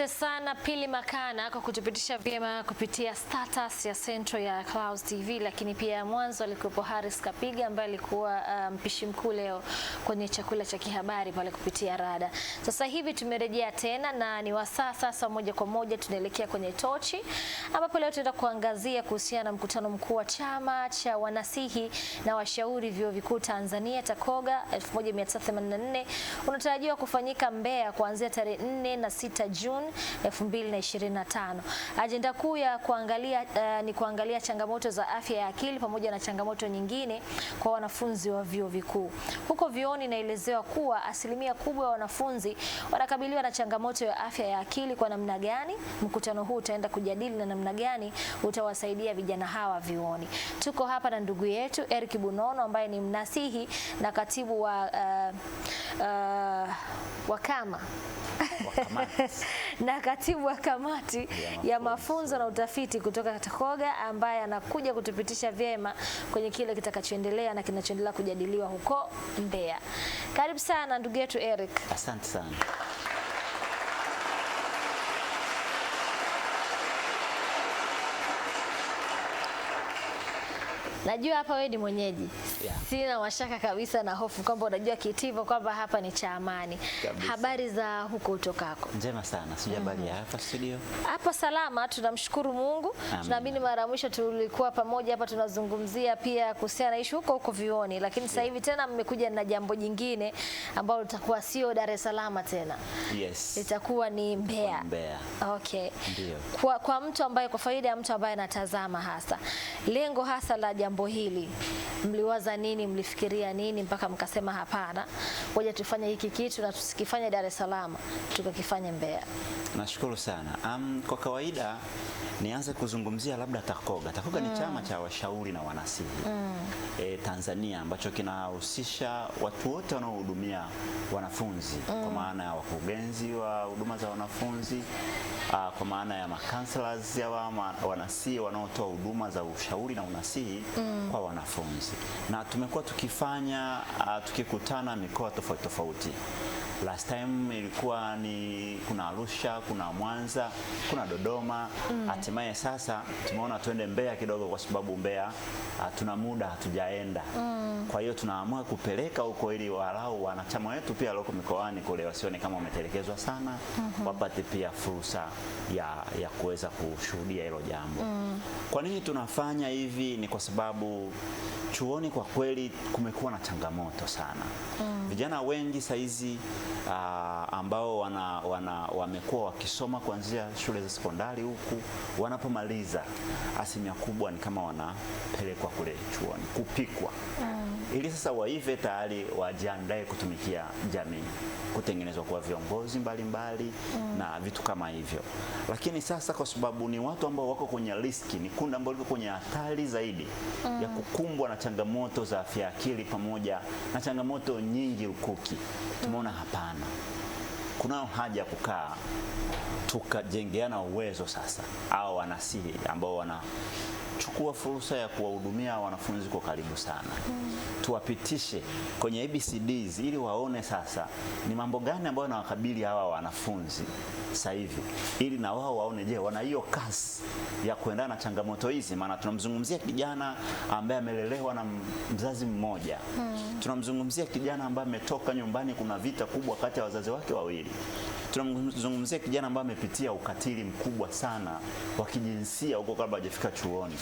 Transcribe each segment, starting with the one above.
Asante sana Pili Makana kwa kutupitisha vyema kupitia status ya sentro ya Clouds TV, lakini pia mwanzo alikuwepo Haris Kapiga ambaye alikuwa uh, mpishi um, mkuu leo kwenye chakula cha kihabari pale kupitia rada. Sasa hivi tumerejea tena na ni wasaa sasa, moja kwa moja tunaelekea kwenye tochi, ambapo leo tutaenda kuangazia kuhusiana na mkutano mkuu wa chama cha wanasihi na washauri vyuo vikuu Tanzania TACOGA 1984 unatarajiwa kufanyika Mbeya kuanzia tarehe 4 na 6 Juni 2025. Ajenda kuu ya kuangalia uh, ni kuangalia changamoto za afya ya akili pamoja na changamoto nyingine kwa wanafunzi wa vyuo vikuu. Huko vyuoni inaelezewa kuwa asilimia kubwa ya wanafunzi wanakabiliwa na changamoto ya afya ya akili. Kwa namna gani mkutano huu utaenda kujadili na namna gani utawasaidia vijana hawa vyuoni? Tuko hapa na ndugu yetu Eric Bunono ambaye ni mnasihi na katibu wa uh, uh, wakama na katibu wa kamati ya mafunzo, na utafiti kutoka TAKOGA ambaye anakuja kutupitisha vyema kwenye kile kitakachoendelea na kinachoendelea kujadiliwa huko Mbeya. Karibu sana ndugu yetu Eric. Asante sana. Najua hapa wewe ni mwenyeji yeah. Sina mashaka kabisa na hofu kwamba unajua kitivo kwamba hapa ni cha amani. Habari za huko utokako? Njema sana, sijui habari mm -hmm. ya hapa studio. Hapa salama, tunamshukuru Mungu. Tunaamini mara mwisho tulikuwa pamoja hapa tunazungumzia pia kuhusiana na ishu huko huko vioni, lakini sasa hivi yeah. tena mmekuja na jambo jingine ambalo litakuwa sio Dar es Salaam tena, yes. litakuwa ni Mbeya. Mbeya. Okay. Ndiyo. Kwa, kwa mtu ambaye kwa faida ya mtu ambaye anatazama hasa lengo hasa la jambo hili mliwaza nini? Mlifikiria nini mpaka mkasema hapana, ngoja tufanye hiki kitu na tusikifanye Dar es Salaam tukakifanye Mbeya? Nashukuru sana. Um, kwa kawaida nianze kuzungumzia labda Takoga. Takoga mm. ni chama cha washauri na wanasihi mm. e, Tanzania ambacho kinahusisha watu wote wanaohudumia wanafunzi mm. kwa maana ya wakurugenzi wa huduma za wanafunzi uh, kwa maana ya makansela ya wanasihi wanaotoa huduma za ushauri na unasihi mm. kwa wanafunzi na tumekuwa tukifanya uh, tukikutana mikoa tofauti tofauti last time ilikuwa ni kuna Arusha, kuna Mwanza, kuna Dodoma, mm. hatimaye mm. Sasa tumeona tuende Mbeya kidogo, kwa sababu Mbeya ah, tuna muda hatujaenda mm. Kwa hiyo tunaamua kupeleka huko ili walau wanachama wetu pia walioko mikoani kule wasione kama wametelekezwa sana mm -hmm. Wapate pia fursa ya, ya kuweza kushuhudia hilo jambo mm. Kwa nini tunafanya hivi? Ni kwa sababu chuoni kwa kweli kumekuwa na changamoto sana mm. Vijana wengi saizi uh, ambao wana, wana, wamekuwa wakisoma kuanzia shule za sekondari huku, wanapomaliza asilimia kubwa ni kama wanapelekwa kule chuoni kupikwa mm ili sasa waive tayari wajiandae kutumikia jamii, kutengenezwa kwa viongozi mbalimbali mm. na vitu kama hivyo. Lakini sasa kwa sababu ni watu ambao wako kwenye riski, ni kundi ambalo liko kwenye hatari zaidi mm. ya kukumbwa na changamoto za afya akili pamoja na changamoto nyingi lukuki, tumeona hapana, kunayo haja ya kukaa tukajengeana uwezo sasa, au wanasihi ambao wana chukua fursa ya kuwahudumia wanafunzi kwa karibu sana mm. Tuwapitishe kwenye ABCDs ili waone sasa ni mambo gani ambayo yanawakabili hawa wanafunzi sasa hivi, ili na wao waone, je, wana hiyo kasi ya kuendana na changamoto hizi? Maana tunamzungumzia kijana ambaye amelelewa na mzazi mmoja mm. Tunamzungumzia kijana ambaye ametoka nyumbani, kuna vita kubwa kati ya wazazi wake wawili tunamzungumzia kijana ambaye amepitia ukatili mkubwa sana wa kijinsia huko kabla hajafika chuoni.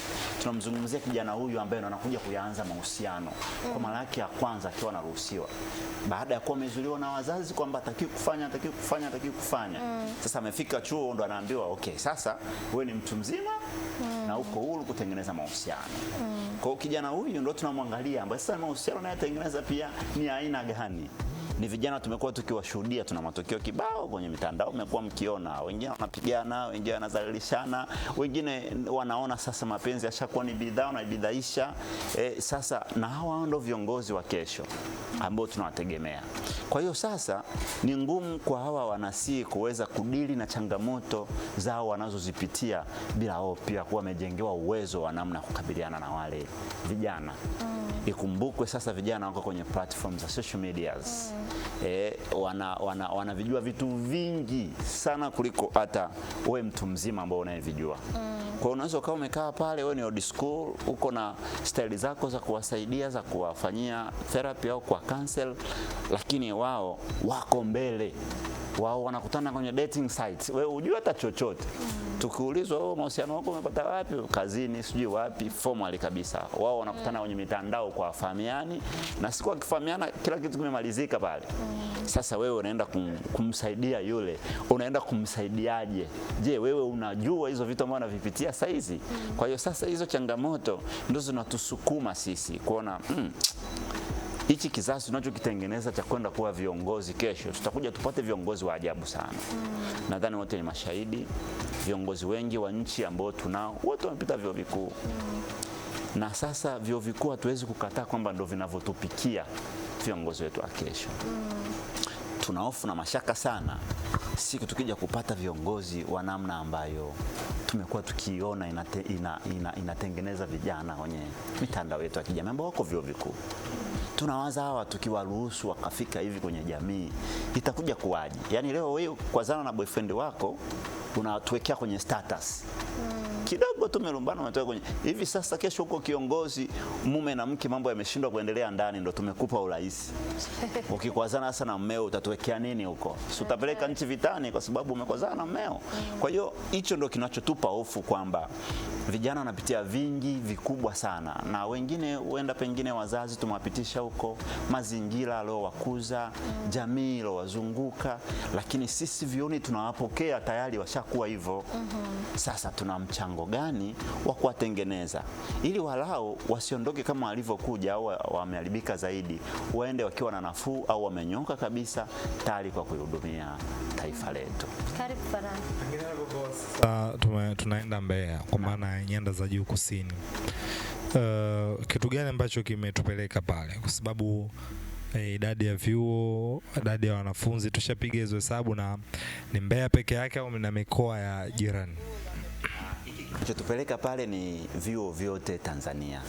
Tunamzungumzia kijana huyu ambaye anakuja kuyaanza mahusiano mm. kwa mara yake ya kwanza akiwa anaruhusiwa, baada ya kuwa amezuliwa na wazazi kwamba atakiwi kufanya, atakiwi kufanya, atakiwi kufanya mm. Sasa amefika chuo ndo anaambiwa okay, sasa wewe ni mtu mzima mm. na uko huru kutengeneza mahusiano mm. Kwa kijana huyu ndo tunamwangalia ambaye sasa mahusiano naye atengeneza pia ni aina gani? ni vijana tumekuwa tukiwashuhudia, tuna matokeo kibao kwenye mitandao, umekuwa mkiona, wengine wanapigana, wengine wanazalilishana, wengine wanaona sasa mapenzi yashakuwa ni bidhaa, wanabidhaisha e, sasa na hawa ndio viongozi wa kesho ambao tunawategemea. Kwa hiyo sasa ni ngumu kwa hawa wanasii kuweza kudili na changamoto zao wanazozipitia bila wao pia kuwa wamejengewa uwezo wa namna kukabiliana na wale vijana. Mm. Ikumbukwe sasa vijana wako kwenye platform za social medias. Mm e, wana, wana, wanavijua vitu vingi sana kuliko hata we mtu mzima ambao unayevijua mm. Kwa unaweza ukawa umekaa pale, wewe ni old school, uko na staili zako za kuwasaidia za kuwafanyia therapy au kwa cancel, lakini wao wako mbele wao wanakutana kwenye dating sites, wewe hujui hata chochote. Tukiulizwa wewe oh, mahusiano wako umepata wapi? Kazini, sijui wapi, formal kabisa. Wao wanakutana kwenye mitandao kwa wafahamiani, na siku akifahamiana kila kitu kimemalizika pale. Sasa wewe unaenda kum, kumsaidia yule, unaenda kumsaidiaje? Je, wewe unajua hizo vitu ambavyo anavipitia saizi? Kwa hiyo sasa hizo changamoto ndio zinatusukuma sisi kuona mm, hichi kizazi tunachokitengeneza cha kwenda kuwa viongozi kesho, tutakuja tupate viongozi wa ajabu sana mm. Nadhani wote ni mashahidi, viongozi wengi wa nchi ambao tunao wote wamepita vyuo vikuu mm. Na sasa vyuo vikuu hatuwezi kukataa kwamba ndio vinavyotupikia viongozi wetu wa kesho mm. Tuna hofu na mashaka sana siku tukija kupata viongozi wa namna ambayo tumekuwa tukiona inate, ina, ina, inatengeneza vijana kwenye mitandao yetu ya kijamii ambao wako vyuo vikuu tunawaza hawa tukiwaruhusu wakafika hivi kwenye jamii itakuja kuwaje? Yaani leo wewe kwazana na boyfriend wako unatuwekea kwenye status kidogo tu tumelumbana, umetoka kwenye hivi sasa. Kesho huko kiongozi, mume na mke, mambo yameshindwa kuendelea ndani, ndo tumekupa urahisi. Ukikwazana sasa na mmeo utatuwekea nini huko? Si utapeleka nchi vitani kwa sababu umekwazana na mmeo. Mm. Kwa hiyo hicho ndo kinachotupa hofu kwamba vijana wanapitia vingi vikubwa sana, na wengine huenda pengine wazazi tumewapitisha huko, mazingira aliowakuza, mm. jamii ilowazunguka, lakini sisi vioni tunawapokea tayari washakuwa hivyo. Mm-hmm. Sasa tuna mchango mpango gani wa kuwatengeneza ili walao wasiondoke kama walivyokuja au wameharibika zaidi, waende wakiwa na nafuu au wamenyoka kabisa tayari kwa kuihudumia taifa letu. Karibu Uh, tunaenda Mbeya kwa maana nyanda za juu kusini. Uh, kitu gani ambacho kimetupeleka pale kwa sababu eh, idadi ya vyuo, idadi ya wanafunzi tushapiga hizo hesabu, na ni Mbeya peke yake au na mikoa ya jirani? Kilichotupeleka pale ni vyuo vyote Tanzania.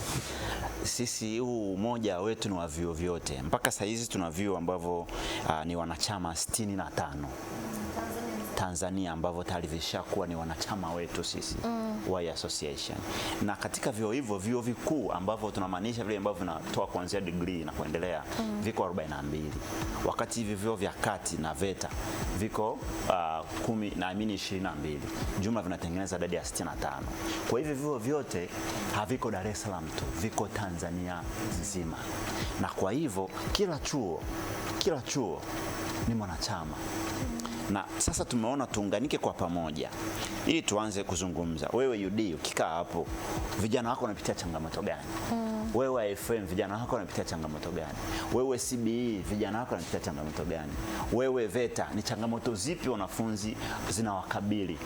Sisi huu umoja wetu ni wa vyuo vyote, mpaka saizi tuna vyuo ambavyo ah, ni wanachama sitini na tano. Tanzania ambavyo tayari vishakuwa ni wanachama wetu sisi mm. wa association, na katika vyuo hivyo vyuo vikuu ambavyo tunamaanisha vile ambavyo vinatoa kuanzia degree na kuendelea mm. viko 42 wakati hivi vyuo vya kati na VETA viko uh, kumi naamini 22 jumla vinatengeneza idadi ya 65. Kwa hivyo vyuo vyote haviko Dar es Salaam tu, viko Tanzania nzima, na kwa hivyo kila chuo kila chuo ni mwanachama mm na sasa tumeona tuunganike kwa pamoja ili tuanze kuzungumza. Wewe UD ukikaa hapo, vijana wako wanapitia changamoto gani? mm. Wewe FM vijana wako wanapitia changamoto gani? Wewe CBE vijana wako wanapitia changamoto gani? Wewe VETA ni changamoto zipi wanafunzi zinawakabili?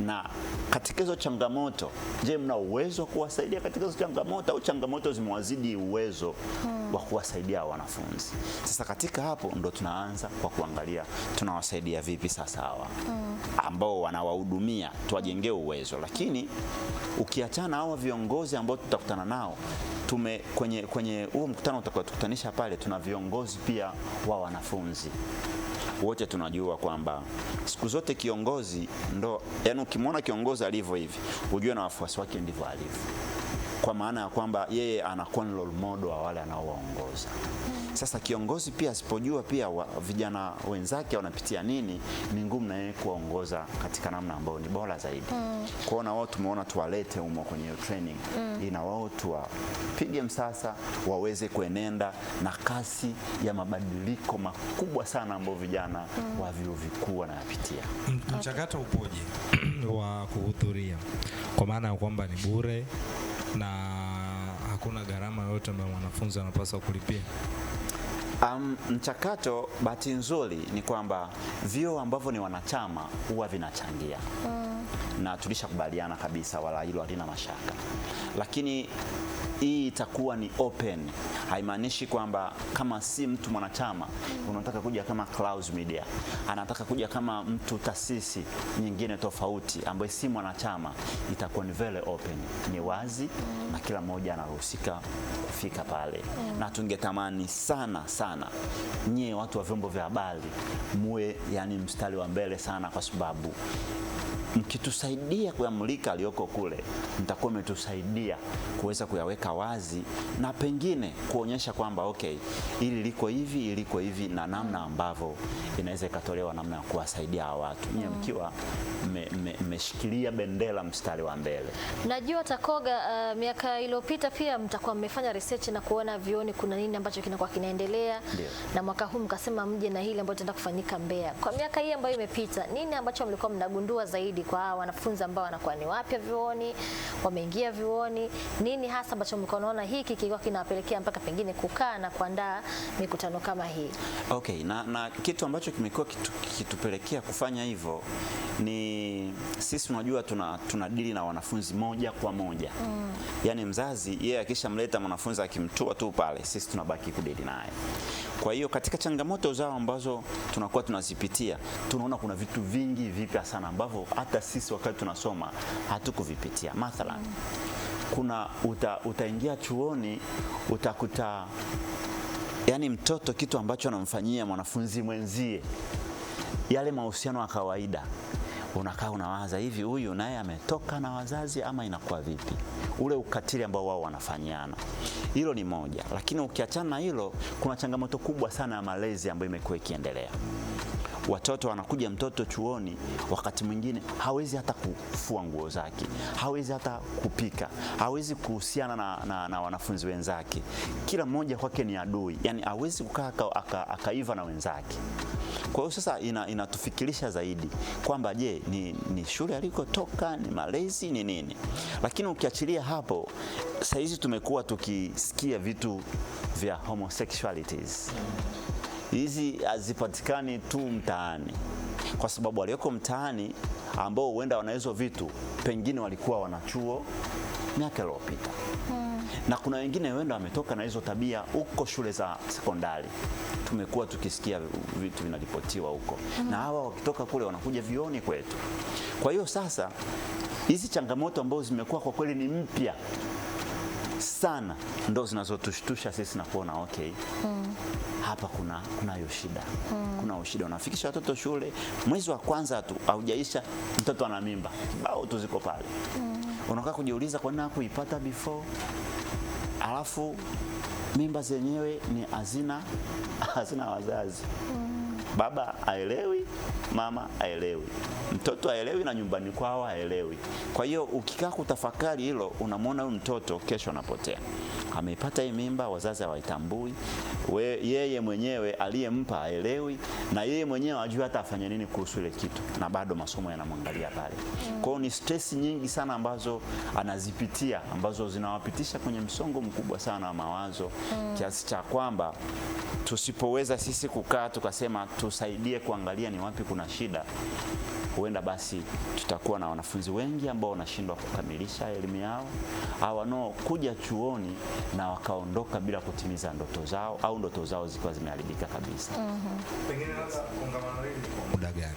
Na katika hizo changamoto, je, mna uwezo wa kuwasaidia katika hizo changamoto au changamoto zimewazidi uwezo hmm, wa kuwasaidia wanafunzi? Sasa katika hapo ndo tunaanza kwa kuangalia tunawasaidia vipi sasa hawa hmm, ambao wanawahudumia tuwajengee uwezo, lakini ukiachana hawa viongozi ambao tutakutana nao tume kwenye huo kwenye, kwenye, mkutano utakaotukutanisha pale, tuna viongozi pia wa wanafunzi. Wote tunajua kwamba siku zote kiongozi ndo, yani ukimwona kiongozi alivyo hivi, ujue na wafuasi wake ndivyo alivyo kwa maana ya kwamba yeye anakuwa ni role model wa wale anaowaongoza. Sasa kiongozi pia asipojua pia wa, vijana wenzake wanapitia nini, ni ngumu na yeye kuwaongoza katika namna ambayo ni bora zaidi. Mm. Kwa na wao tumeona tuwalete humo kwenye hiyo training mm. ina wao tuwapige msasa waweze kuenenda na kasi ya mabadiliko makubwa sana ambayo vijana mm. wa vyuo vikuu wanayapitia. Mchakato upoje wa kuhudhuria, kwa maana ya kwamba ni bure na hakuna gharama yoyote ambayo mwanafunzi anapaswa kulipia. Um, mchakato bahati nzuri ni kwamba vyuo ambavyo ni wanachama huwa vinachangia mm. na tulishakubaliana kabisa, wala hilo halina mashaka, lakini hii itakuwa ni open. Haimaanishi kwamba kama si mtu mwanachama unataka kuja kama Clouds Media, anataka kuja kama mtu taasisi nyingine tofauti ambaye si mwanachama, itakuwa ni very open, ni wazi na kila mmoja anaruhusika kufika pale mm. Na tungetamani sana sana nyie watu wa vyombo vya habari muwe yani mstari wa mbele sana, kwa sababu mkitusaidia kuyamulika aliyoko kule, mtakuwa umetusaidia kuweza kuyaweka wazi na pengine kuonyesha kwamba okay, ili liko hivi, iliko hivi na namna ambavyo inaweza ikatolewa namna ya kuwasaidia hawa watu mm. mkiwa mmeshikilia me, me, bendera mstari wa mbele. Najua Takoga, uh, miaka iliyopita pia mtakuwa mmefanya research na kuona vioni kuna nini ambacho kinakuwa kinaendelea Dio. na mwaka huu mkasema mje na hili ambayo tutaenda kufanyika Mbeya. Kwa miaka hii ambayo imepita, nini ambacho mlikuwa mnagundua zaidi zaidi kwa hawa wanafunzi ambao wanakuwa ni wapya vyuoni, wameingia vyuoni, nini hasa ambacho mlikuwa hiki kilikuwa kinawapelekea mpaka pengine kukaa na kuandaa mikutano kama hii? Okay, na, na kitu ambacho kimekuwa kitu, kitupelekea kufanya hivyo ni sisi unajua tuna, tuna dili na wanafunzi moja kwa moja mm. Yaani mzazi yeye yeah, akishamleta mwanafunzi akimtua tu pale sisi tunabaki kudili naye. Kwa hiyo katika changamoto zao ambazo tunakuwa tunazipitia tunaona kuna vitu vingi vipya sana ambavyo hata sisi wakati tunasoma hatukuvipitia. Mathalan, kuna uta, utaingia chuoni utakuta yani mtoto kitu ambacho anamfanyia mwanafunzi mwenzie, yale mahusiano ya kawaida unakaa unawaza hivi, huyu naye ametoka na wazazi ama inakuwa vipi? Ule ukatili ambao wao wanafanyana, hilo ni moja. Lakini ukiachana na hilo, kuna changamoto kubwa sana ya malezi ambayo imekuwa ikiendelea watoto wanakuja mtoto chuoni, wakati mwingine hawezi hata kufua nguo zake, hawezi hata kupika, hawezi kuhusiana na, na, na wanafunzi wenzake. Kila mmoja kwake ni adui, yani hawezi kukaa akaiva na wenzake. Kwa hiyo sasa ina, inatufikirisha zaidi kwamba je, ni, ni shule alikotoka, ni malezi, ni nini? Lakini ukiachilia hapo, hizi tumekuwa tukisikia vitu vya homosexualities hizi hazipatikani tu mtaani, kwa sababu walioko mtaani ambao huenda wana hizo vitu pengine walikuwa wanachuo miaka iliyopita hmm. na kuna wengine huenda wametoka na hizo tabia huko shule za sekondari, tumekuwa tukisikia vitu vinaripotiwa huko hmm. na hawa wakitoka kule wanakuja vioni kwetu. Kwa hiyo sasa hizi changamoto ambazo zimekuwa kwa kweli ni mpya sana ndo zinazotushtusha sisi na kuona okay, hmm hapa kuna kunayo shida mm. Kunayo shida, unafikisha watoto shule mwezi wa kwanza tu haujaisha, mtoto ana mimba, bao tu ziko pale mm. Unakaa kujiuliza kwa nini hakuipata before, alafu mimba zenyewe ni hazina hazina wazazi mm. Baba aelewi, mama aelewi, mtoto aelewi, na nyumbani kwao aelewi. Kwa hiyo ukikaa kutafakari hilo, unamwona huyu mtoto kesho anapotea, ameipata hii mimba, wazazi hawaitambui, yeye mwenyewe aliyempa aelewi, na yeye mwenyewe ajui hata afanye nini kuhusu ile kitu, na bado masomo yanamwangalia pale. Kwa hiyo ni stress nyingi sana ambazo anazipitia ambazo zinawapitisha kwenye msongo mkubwa sana wa mawazo mm, kiasi cha kwamba tusipoweza sisi kukaa tukasema tusaidie kuangalia ni wapi kuna shida, huenda basi tutakuwa na wanafunzi wengi ambao wanashindwa kukamilisha elimu yao au wanaokuja chuoni na wakaondoka bila kutimiza ndoto zao au ndoto zao zikiwa zimeharibika kabisa. mm -hmm. Pengine labda kongamano hili kwa muda gani?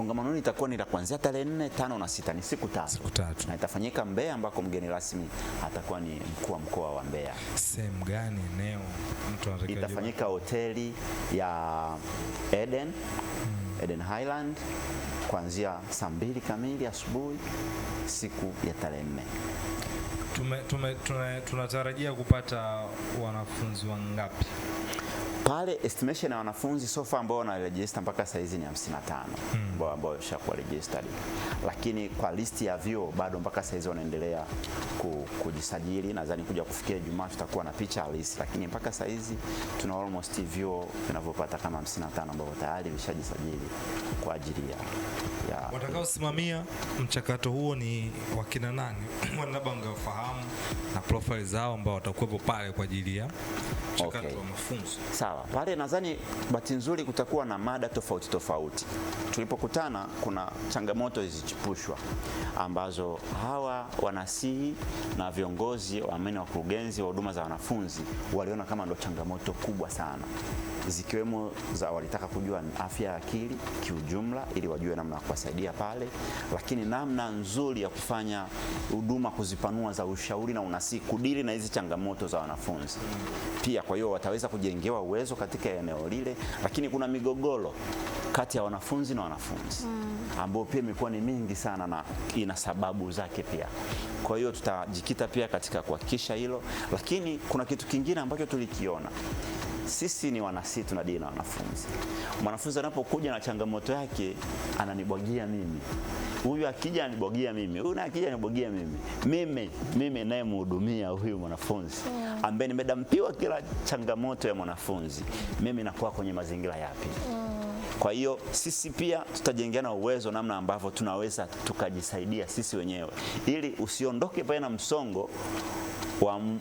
Kongamano litakuwa ni la kuanzia tarehe 4, 5 na 6, ni siku tatu. Siku tatu. Na itafanyika Mbeya ambako mgeni rasmi atakuwa ni mkuu wa mkoa wa Mbeya. Sehemu gani eneo mtu anataka? Itafanyika hoteli ya Eden, hmm. Eden Highland kuanzia saa mbili kamili asubuhi siku ya tarehe nne. Tume, tume, tunatarajia kupata wanafunzi wangapi? pale estimation ya wanafunzi sofa ambao wana register mpaka sasa hizi ni 55 hmm. ambao ambao wameshakuwa registered, lakini kwa list ya vyo bado mpaka sasa hizi wanaendelea ku, kujisajili. Nadhani kuja kufikia Ijumaa tutakuwa na picha halisi, lakini mpaka sasa hizi tuna almost vyo vinavyopata kama 55 ambao tayari vishajisajili kwa ajili ya watakaosimamia mchakato huo ni wakina nani? labda ungefahamu na profile zao ambao watakuwepo pale kwa ajili ya mchakato okay, wa mafunzo sawa pale nadhani bahati nzuri kutakuwa na mada tofauti tofauti. Tulipokutana kuna changamoto zilizochipushwa ambazo hawa wanasihi na viongozi waamini wakurugenzi wa huduma za wanafunzi waliona kama ndo changamoto kubwa sana zikiwemo za walitaka kujua ni afya ya akili kiujumla, ili wajue namna ya kuwasaidia pale, lakini namna nzuri ya kufanya huduma kuzipanua za ushauri na unasihi kudili na hizi changamoto za wanafunzi pia. Kwa hiyo wataweza kujengewa uwezo michezo katika eneo lile, lakini kuna migogoro kati ya wanafunzi na wanafunzi mm. ambayo pia imekuwa ni mingi sana na ina sababu zake pia. Kwa hiyo tutajikita pia katika kuhakikisha hilo, lakini kuna kitu kingine ambacho tulikiona sisi ni wanasi, tuna dili na wanafunzi. Mwanafunzi anapokuja na changamoto yake ananibwagia mimi, huyu akija anibwagia mimi, huyu naye akija anibwagia mimi, mimi mimi nayemhudumia huyu mwanafunzi mm. ambaye nimedampiwa kila changamoto ya mwanafunzi, mimi nakuwa kwenye mazingira yapi? mm. Kwa hiyo sisi pia tutajengeana uwezo namna ambavyo tunaweza tukajisaidia sisi wenyewe, ili usiondoke pale na msongo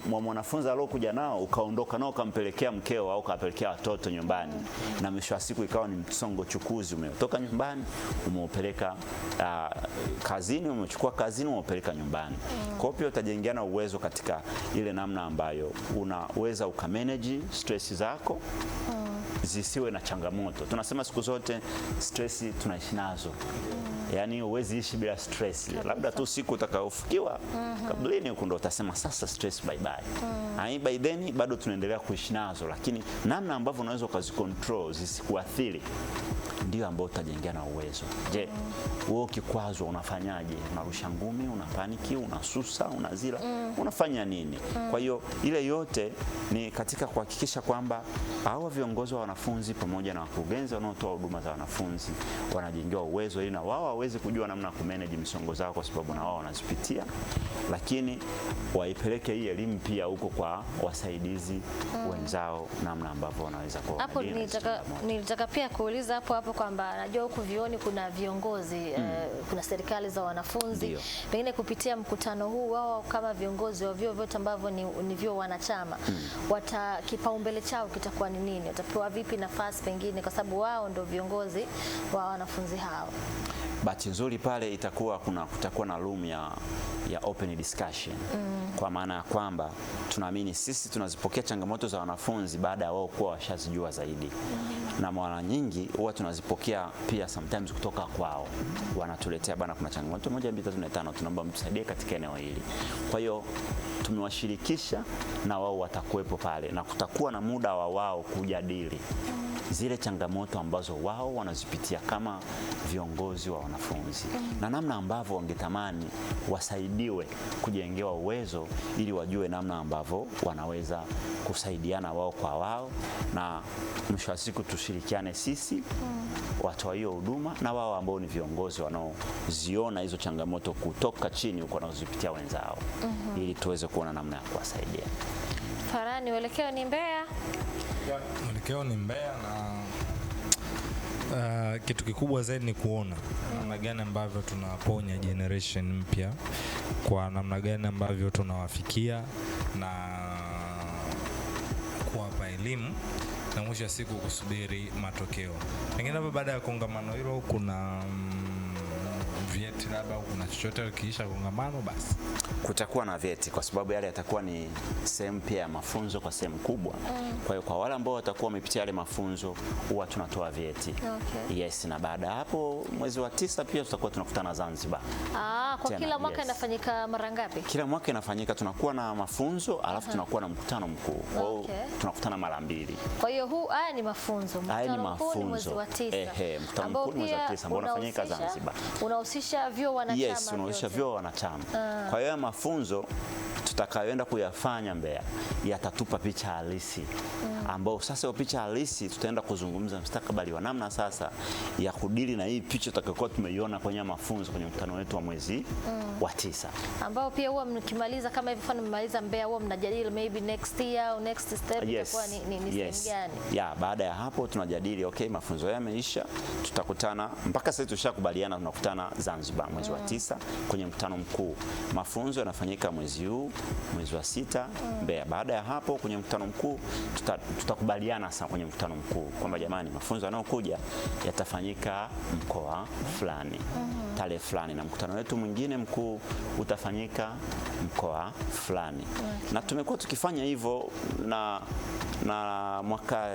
wa mwanafunzi aliokuja nao ukaondoka nao ukampelekea mkeo au ukawapelekea watoto nyumbani, na mwisho wa siku ikawa ni msongo chukuzi. Umetoka nyumbani umeupeleka uh, kazini, umechukua kazini umeupeleka nyumbani. Kwa hiyo pia utajengeana uwezo katika ile namna ambayo unaweza ukamanage stress zako mm zisiwe na changamoto. Tunasema siku zote stress tunaishi nazo yani uwezi ishi bila stress, labda tu siku utakaofukiwa mm -hmm. kablini huko ndo utasema sasa stress bye bye. Mm. by then bado tunaendelea kuishi nazo, lakini namna ambavyo unaweza ukazicontrol zisikuathiri ndio ambao utajengea na uwezo. Je, mhm. wewe mm. ukikwazwa unafanyaje? Unarusha ngumi, unapaniki, unasusa, unazila mm. unafanya nini? Mm. Kwa hiyo ile yote ni katika kuhakikisha kwamba hawa viongozi wa wanafunzi pamoja na wakurugenzi wanaotoa huduma za wanafunzi wanajengewa uwezo ili na wao hawawezi kujua namna ya kumanage misongo zao kwa sababu na wao wanazipitia, lakini waipeleke hii elimu pia huko kwa wasaidizi mm. wenzao, namna ambavyo wanaweza kwa hapo. Nilitaka, nilitaka pia kuuliza hapo hapo kwamba najua huku vioni kuna viongozi eh, mm. eh, kuna serikali za wanafunzi, pengine kupitia mkutano huu wao kama viongozi wa vyuo vyote ambavyo ni, ni vyuo wanachama mm. wata kipaumbele chao kitakuwa ni nini? Watapewa vipi nafasi pengine, kwa sababu wao ndio viongozi wa wanafunzi hao? bahati nzuri pale itakuwa kuna kutakuwa na room ya, ya open discussion mm. Kwa maana ya kwamba tunaamini sisi tunazipokea changamoto za wanafunzi baada ya wao kuwa washazijua zaidi mm. Na mara nyingi huwa tunazipokea pia sometimes kutoka kwao, wanatuletea bana, kuna changamoto moja mbili tatu nne tano, tunaomba mtusaidie katika eneo hili. Kwa hiyo tumewashirikisha na wao watakuwepo pale na kutakuwa na muda wa wao kujadili mm. zile changamoto ambazo wao wanazipitia kama viongozi wa wanafunzi na namna ambavyo wangetamani wasaidiwe kujengewa uwezo ili wajue namna ambavyo wanaweza kusaidiana wao kwa wao, na mwisho wa siku tushirikiane sisi mm. watoa hiyo huduma na wao ambao ni viongozi wanaoziona hizo changamoto kutoka chini huko wanaozipitia wenzao mm -hmm. ili tuweze kuona namna ya kuwasaidia. Farani, uelekeo ni Mbeya, uelekeo ni Mbeya na Uh, kitu kikubwa zaidi ni kuona namna gani ambavyo tunaponya generation mpya, kwa namna gani ambavyo tunawafikia na kuwapa elimu na mwisho wa siku kusubiri matokeo. Pengine hapo baada ya kongamano hilo kuna mm, vyeti labda kuna chochote kiisha kongamano, basi kutakuwa na vyeti, kwa sababu yale yatakuwa ni sehemu pia ya mafunzo kwa sehemu kubwa mm. Kwa hiyo kwa wale ambao watakuwa wamepitia yale mafunzo huwa tunatoa vyeti okay. Yes, na baada ya hapo mwezi wa tisa pia tutakuwa tunakutana Zanzibar. Ah, kwa Tena, kila mwaka yes. Inafanyika mara ngapi? Kila mwaka inafanyika, tunakuwa na mafunzo alafu uh -huh. Tunakuwa na mkutano mkuu kwa hiyo okay. tunakutana mara mbili. Kwa hiyo huu haya ni mafunzo, mkutano mkuu mwezi wa tisa ambao unafanyika Zanzibar, unahusisha vyuo wanachama. Yes, unaonyesha vyuo wanachama. Ah. Kwa hiyo mafunzo tutakayoenda kuyafanya Mbeya yatatupa picha halisi mm ambao sasa hiyo picha halisi tutaenda kuzungumza mstakabali wa namna sasa ya kudili na hii picha tutakayokuwa tumeiona kwenye mafunzo kwenye mkutano wetu wa mwezi mm. wa tisa, ambao pia huwa mkimaliza kama hivi mfano mmaliza Mbeya, huwa mnajadili maybe next year au next step itakuwa ni, ni, ni yes. gani? Yeah, baada ya hapo tunajadili okay, mafunzo yameisha, tutakutana mpaka sasa tushakubaliana, tunakutana Zanzibar mwezi mm. wa tisa kwenye mkutano mkuu. Mafunzo yanafanyika mwezi huu mwezi wa sita mm. Mbeya. Baada ya hapo kwenye mkutano mkuu tuta tutakubaliana sana kwenye mkutano mkuu kwamba jamani, mafunzo yanayokuja yatafanyika mkoa fulani mhm. tarehe fulani, na mkutano wetu mwingine mkuu utafanyika mkoa fulani, mhm. na tumekuwa tukifanya hivyo na, na mwaka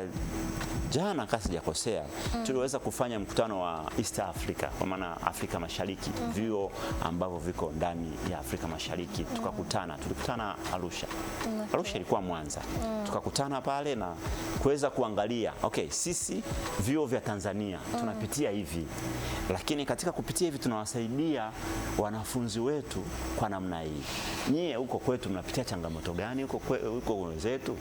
jana kasi sijakosea, mm. tuliweza kufanya mkutano wa East Africa kwa maana Afrika Mashariki mm. vyuo ambavyo viko ndani ya Afrika Mashariki mm. tukakutana, tulikutana Arusha mm. Arusha ilikuwa Mwanza mm. tukakutana pale na kuweza kuangalia okay, sisi vyuo vya Tanzania mm. tunapitia hivi, lakini katika kupitia hivi tunawasaidia wanafunzi wetu kwa namna hii. Nyie huko kwetu mnapitia changamoto gani huko huko wenzetu,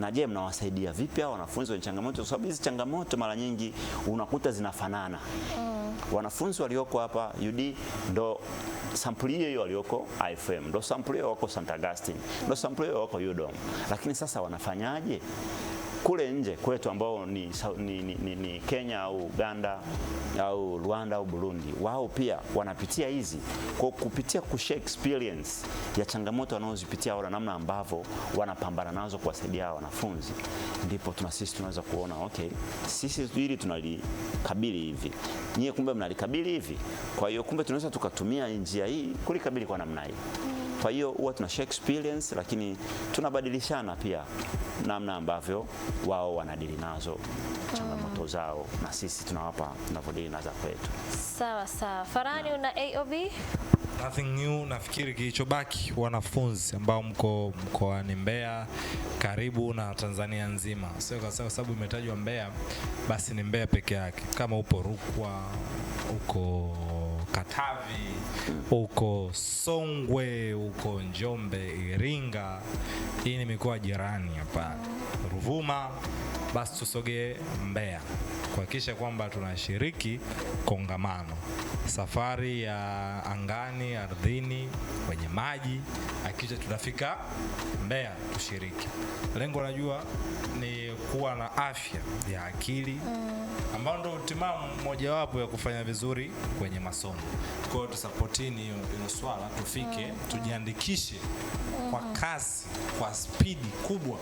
na je, mnawasaidia vipi hao wanafunzi wenye changamoto? Kwa sababu hizi changamoto mara nyingi unakuta zinafanana mm wanafunzi walioko hapa UD ndo sampuli hiyo hiyo walioko IFM, ndo sampuli hiyo wako St. Augustine, ndo sampuli hiyo wako UDOM. Lakini sasa wanafanyaje? kule nje kwetu ambao ni, ni, ni, ni Kenya au Uganda au Rwanda au Burundi, wao pia wanapitia hizi kwa kupitia kushare experience ya changamoto wanazozipitia au namna ambavyo wanapambana nazo kuwasaidia wanafunzi, ndipo tuna sisi tunaweza kuona okay, sisi hili tunalikabili hivi, nyie kumbe mnalikabili hivi. Kwa hiyo kumbe tunaweza tukatumia njia hii kulikabili kwa namna hii. Kwa hiyo huwa tuna share experience, lakini tunabadilishana pia namna ambavyo wao wanadili nazo changamoto zao na sisi tunawapa tunavyodili na za kwetu. Sawa sawa. Farani na. una AOB? Nothing new, nafikiri kilichobaki wanafunzi ambao mko mkoani Mbeya karibu na Tanzania nzima, sio kwa sababu imetajwa Mbeya basi ni Mbeya peke yake, kama upo Rukwa uko Katavi, uko Songwe, uko Njombe, Iringa. Hii ni mikoa jirani hapa, Ruvuma basi tusogee Mbeya kuhakikisha kwamba tunashiriki kongamano, safari ya angani, ardhini, kwenye maji, akisha tutafika Mbeya tushiriki. Lengo najua ni kuwa na afya ya akili mm, ambayo ndio utimamu mojawapo ya kufanya vizuri kwenye masomo. Kwa hiyo tusapotini hilo swala, tufike mm, tujiandikishe mm, kwa kasi, kwa spidi kubwa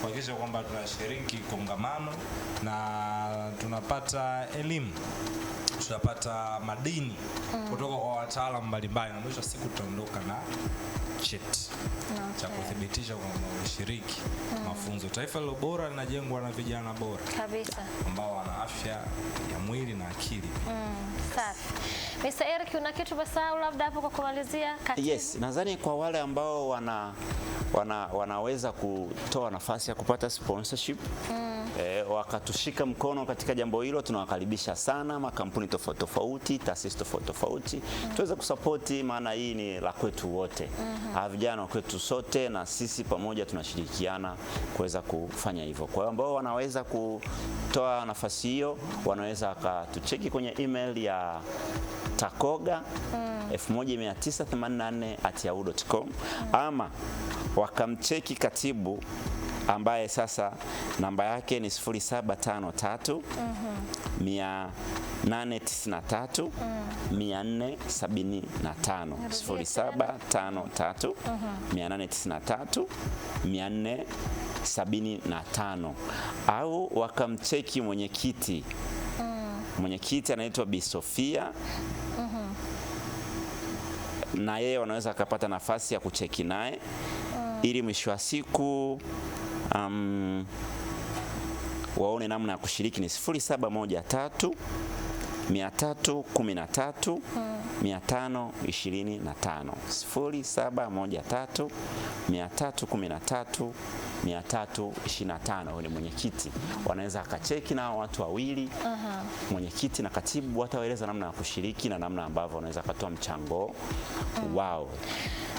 kuhakikisha kwamba tunashiriki kongamano mshikamano na tunapata elimu tunapata madini mm. kutoka kwa wataalamu mbalimbali na mwisho siku tutaondoka na cheti okay. cha kuthibitisha kwamba umeshiriki mm. mafunzo. Taifa lilo bora linajengwa na vijana bora kabisa ambao wana afya ya mwili na akili. Mm. Safi. Mr. Eric, una kitu basau labda hapo kwa kumalizia? Yes, nadhani kwa wale ambao wana, wana wanaweza kutoa nafasi ya kupata sponsorship mm e, wakatushika mkono katika jambo hilo. Tunawakaribisha sana makampuni tofauti tofauti, taasisi tofauti tofauti mm -hmm. tuweze kusapoti, maana hii ni la kwetu wote mm -hmm. vijana wa kwetu sote, na sisi pamoja tunashirikiana kuweza kufanya hivyo. Kwa hiyo ambao wanaweza kutoa nafasi hiyo wanaweza wakatucheki kwenye email ya takoga mm. 1984@yahoo.com mm. ama wakamcheki katibu ambaye sasa namba yake ni 0753 mia nane 893 na tatu mia nne sabini na au wakamcheki mwenyekiti mwenyekiti anaitwa Bi Sofia mm -hmm. na yeye wanaweza akapata nafasi ya kucheki naye mm. ili mwisho wa siku um, waone namna ya kushiriki ni 0713 313 525 0713 313 325. Huyu ni mwenyekiti, wanaweza akacheki na watu wawili uh -huh. Mwenyekiti na katibu watawaeleza namna ya kushiriki na namna ambavyo wanaweza akatoa mchango uh mm. -huh. wao.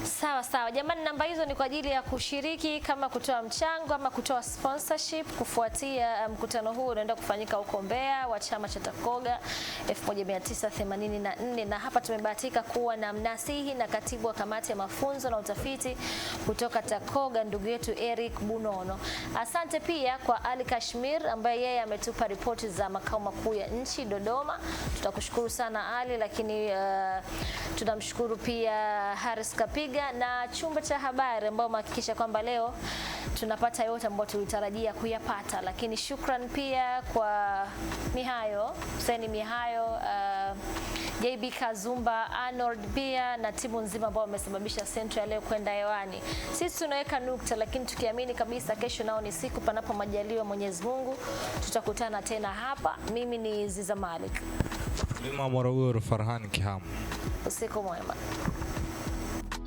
Sawa sawa jamani, namba hizo ni kwa ajili ya kushiriki kama kutoa mchango ama kutoa sponsorship kufuatia um, mkutano um, huu unaenda kufanyika huko Mbeya wa chama cha Takoga 1984 na hapa tumebahatika kuwa na mnasihi na katibu wa kamati ya mafunzo na utafiti kutoka Takoga, ndugu yetu Eric Bunono. Asante pia kwa Ali Kashmir ambaye yeye ametupa ripoti za makao makuu ya nchi Dodoma. Tutakushukuru sana Ali, lakini uh, tunamshukuru pia Haris Kapi Twiga na chumba cha habari ambao umehakikisha kwamba leo tunapata yote ambayo tulitarajia kuyapata, lakini shukran pia kwa Mihayo Huseni Mihayo uh, JB Kazumba, Arnold Bia na timu nzima ambao wamesababisha sentro ya leo kwenda hewani. Sisi tunaweka nukta, lakini tukiamini kabisa kesho nao ni siku, panapo majaliwa Mwenyezi Mungu tutakutana tena hapa. Mimi ni Ziza Malik, Lima Morogoro, Farhan Kiham, usiku mwema.